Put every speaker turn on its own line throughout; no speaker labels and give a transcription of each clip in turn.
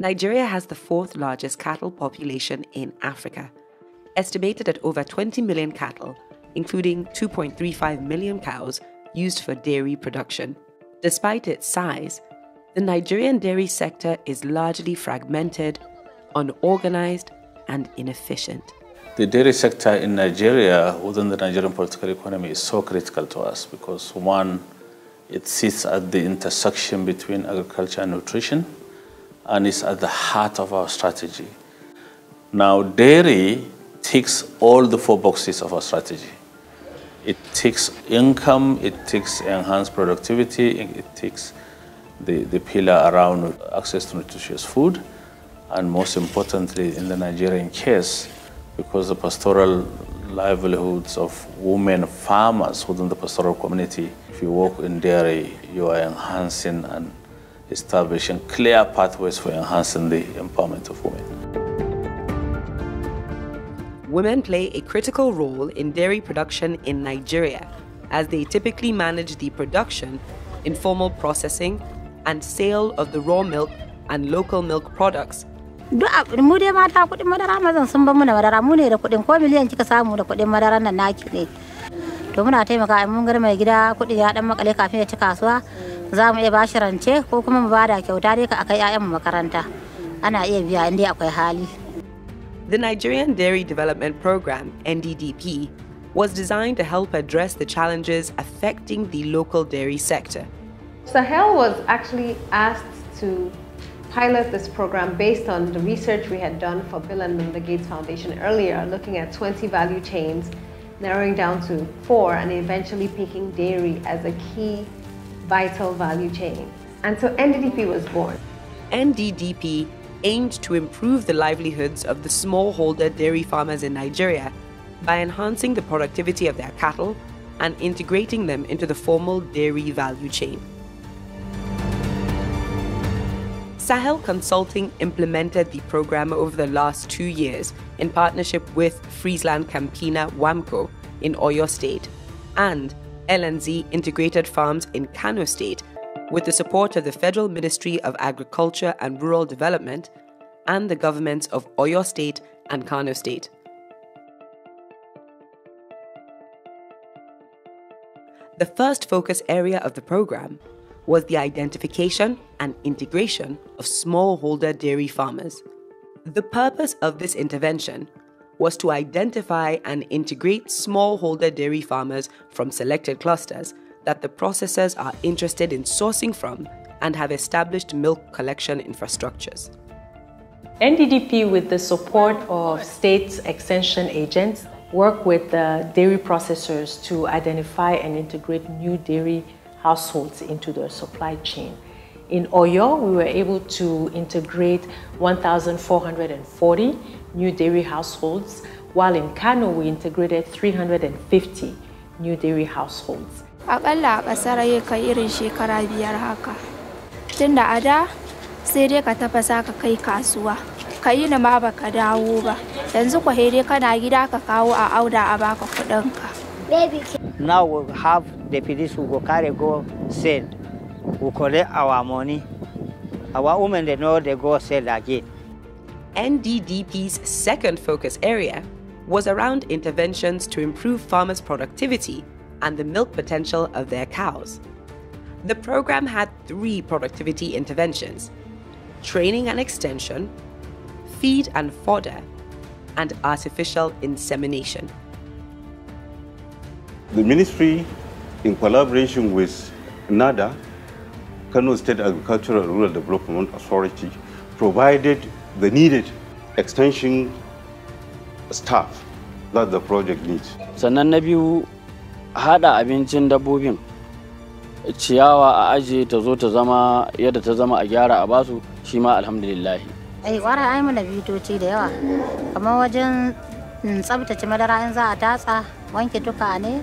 Nigeria has the fourth largest cattle population in Africa, estimated at over 20 million cattle, including 2.35 million cows used for dairy production. Despite its size, the Nigerian dairy sector is largely fragmented, unorganized, and inefficient.
The dairy sector in Nigeria, within the Nigerian political economy, is so critical to us because, one, it sits at the intersection between agriculture and nutrition and it's at the heart of our strategy. Now, dairy ticks all the four boxes of our strategy. It ticks income, it ticks enhanced productivity, it ticks the, the pillar around access to nutritious food, and most importantly, in the Nigerian case, because the pastoral livelihoods of women farmers within the pastoral community, if you work in dairy, you are enhancing and establishing clear pathways for enhancing the empowerment of women.
Women play a critical role in dairy production in Nigeria, as they typically manage the production, informal processing, and sale of the raw milk and local milk products
duk mu dai mata kuɗin madara mazan sun ban muna madara mu ne da kuɗin ko miliyan kika samu da kuɗin madaran nan naki ne to muna taimaka in mun gar mai gida kuɗin ya dan makale kafin ya ci kasuwa za mu iya bashi rance ko kuma mu bada kyauta dai ka makaranta ana iya biya akwai hali.
The Nigerian Dairy Development Program, NDDP, was designed to help address the challenges affecting the local dairy sector.
Sahel was actually asked to pilot this program based on the research we had done for Bill and Melinda Gates Foundation earlier, looking at 20 value chains, narrowing down to four, and eventually picking dairy as a key vital value chain. And so NDDP was
born. NDDP aimed to improve the livelihoods of the smallholder dairy farmers in Nigeria by enhancing the productivity of their cattle and integrating them into the formal dairy value chain. Sahel Consulting implemented the program over the last two years in partnership with Friesland Campina WAMCO in Oyo State and LNZ integrated farms in Kano State with the support of the Federal Ministry of Agriculture and Rural Development and the governments of Oyo State and Kano State. The first focus area of the program was the identification and integration of smallholder dairy farmers. The purpose of this intervention was to identify and integrate smallholder dairy farmers from selected clusters that the processors are interested in sourcing from and have established milk collection infrastructures. NDDP, with the support of state extension agents, work with the dairy processors to identify and integrate new dairy households into their supply chain. In Oyo, we were able to integrate 1,440 new dairy households, while in Kano, we integrated 350 new dairy households.
Akalla a ƙasar ya kai irin shekara biyar haka. Tun ada sai dai ka tafasa ka kai kasuwa, ka yi ma ba dawo ba. Yanzu kwa dai kana gida ka kawo a auda a baka Baby. Now we have
the police who go carry go sale we collect our money. Our women, they know they go sell again. NDDP's second focus area was around interventions to improve farmers' productivity and the milk potential of their cows. The program had three productivity interventions training and extension, feed and fodder, and artificial insemination.
The ministry, in collaboration with NADA, Kano State Agricultural and Rural Development Authority provided the needed extension staff that the project needs. Sannan na biyu hada abincin dabbobin ciyawa a aje ta zo ta zama yadda ta zama a gyara a basu shi ma alhamdulillah. Ai kwara ai mana bitoci da yawa kamar wajen tsabtace madara in za a tatsa wanke tuka ne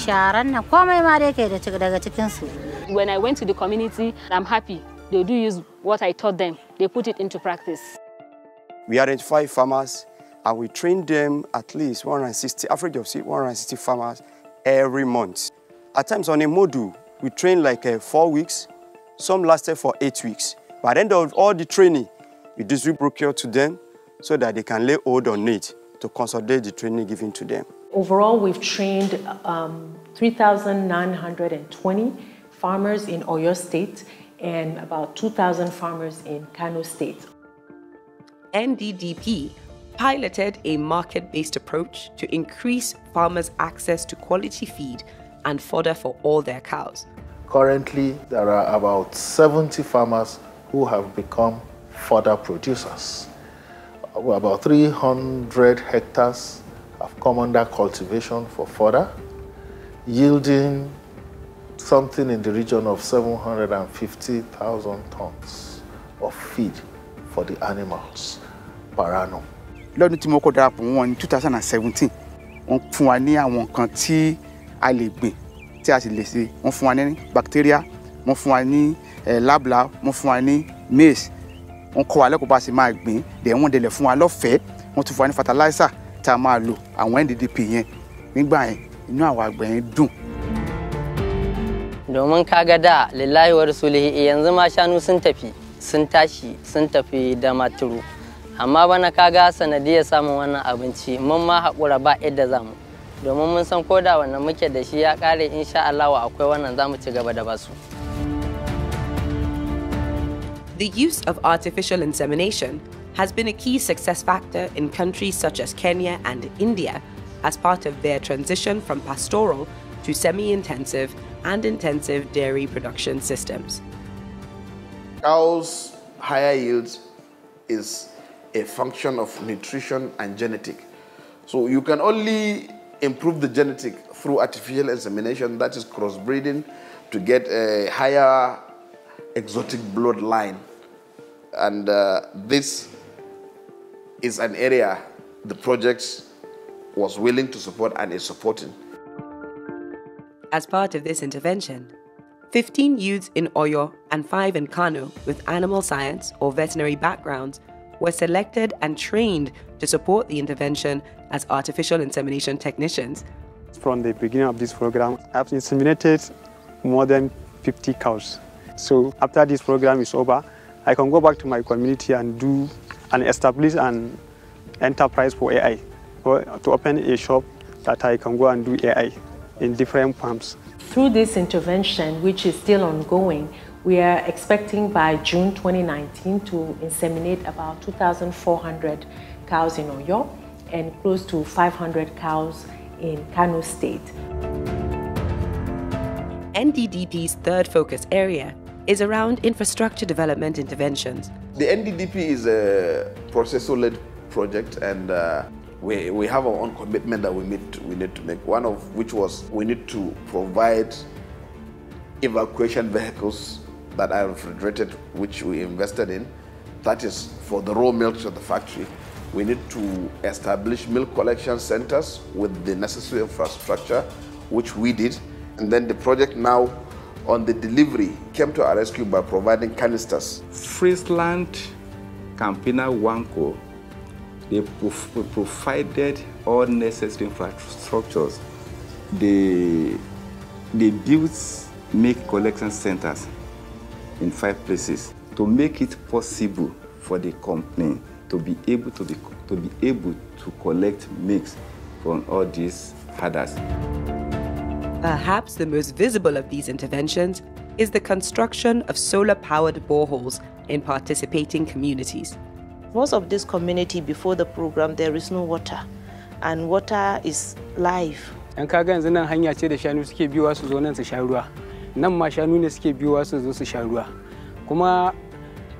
sharan komai ma da yake daga cikin su. when I went to the community, I'm happy. They do use what I taught them. They put it into practice. We identify farmers and we train them at least 160, average of 160 farmers every month. At times on a module, we train like uh, four weeks. Some lasted for eight weeks. By the end of all the training, we distribute procure to them so that they can lay hold on it to consolidate the training given to them.
Overall, we've trained um, 3,920 farmers in Oyo State and about 2,000 farmers in Kano State. NDDP piloted a market based approach to increase farmers' access to quality feed and fodder for all their cows.
Currently, there are about 70 farmers who have become fodder producers. Uh, about 300 hectares have come under cultivation for fodder, yielding something in the region of 750,000 tons of feed for the animals per annum. lọ́dún tí mo kọ́ darapọ̀ wọn ní 2017 wọ́n fún wa ní àwọn nǹkan tí a lè gbìn tí a sì lè ṣe wọ́n fún wa ní bacteria wọ́n fún wa ní labla wọ́n fún wa ní maize wọ́n kọ́ wa lẹ́kọ̀ọ́ bá a ṣe máa gbìn dẹ̀ wọ́n dẹ̀lẹ̀ fún wa lọ́fẹ̀ẹ́ wọ́n tún fún wa ní fertilizer tá a máa lò àwọn NDDP yẹn nígbà yẹn inú àwọn àgbẹ̀ yẹn dùn domin kaga da lillahi wa rasulihi yanzu ma shanu sun tafi sun tashi sun tafi da maturu amma bana kaga sanadiyar samun wannan abinci mun ma haƙura ba yadda zamu domin mun san koda wannan muke da shi ya ƙare insha
Allah akwai wannan zamu ci gaba da basu The use of artificial insemination has been a key success factor in countries such as Kenya and India as part of their transition from pastoral to semi intensive and intensive dairy production systems.
Cows' higher yields is a function of nutrition and genetic. So you can only improve the genetic through artificial insemination, that is crossbreeding, to get a higher exotic bloodline. And uh, this is an area the project was willing to support and is supporting.
As part of this intervention, 15 youths in Oyo and 5 in Kano with animal science or veterinary backgrounds were selected and trained to support the intervention as artificial insemination technicians.
From the beginning of this program, I've inseminated more than 50 cows. So after this program is over, I can go back to my community and do and establish an enterprise for AI, or to open a shop that I can go and do AI in different farms.
Through this intervention, which is still ongoing, we are expecting by June 2019 to inseminate about 2,400 cows in Oyo and close to 500 cows in Kano State. NDDP's third focus area is around infrastructure development interventions.
The NDDP is a processor-led project and uh, we, we have our own commitment that we need, to, we need to make, one of which was we need to provide evacuation vehicles that are refrigerated, which we invested in. That is for the raw milk to the factory. We need to establish milk collection centers with the necessary infrastructure, which we did. And then the project now on the delivery came to our rescue by providing canisters. Friesland Campina Wanko they provided all necessary infrastructures. They, they built make collection centers in five places to make it possible for the company to be able to be, to be able to collect mix from all these herders.
Perhaps the most visible of these interventions is the construction of solar powered boreholes in participating communities. Most of this community before the program there is no water and water is life. Yan kaga yanzu nan hanya ce da shanu suke biyowa su
zo nan su sha ruwa. Nan ma shanu ne suke biyowa su zo su sha ruwa. Kuma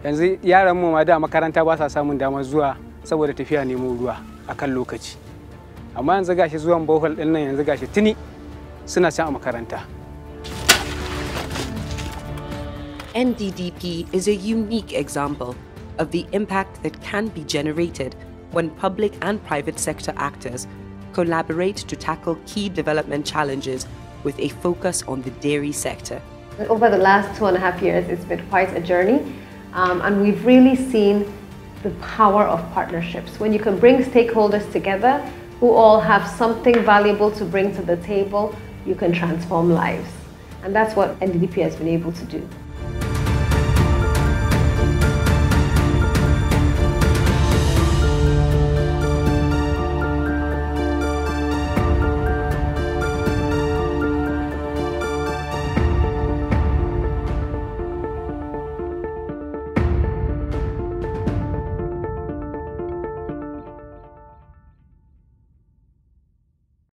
yanzu yaran mu ma da makaranta ba sa samun damar zuwa saboda tafiya nemo ruwa akan lokaci. Amma yanzu gashi zuwan bohol din nan yanzu gashi tuni suna can a makaranta.
NDDP is a unique example of the impact that can be generated when public and private sector actors collaborate to tackle key development challenges with a focus on the dairy sector.
Over the last two and a half years, it's been quite a journey, um, and we've really seen the power of partnerships. When you can bring stakeholders together who all have something valuable to bring to the table, you can transform lives. And that's what NDDP has been able to do.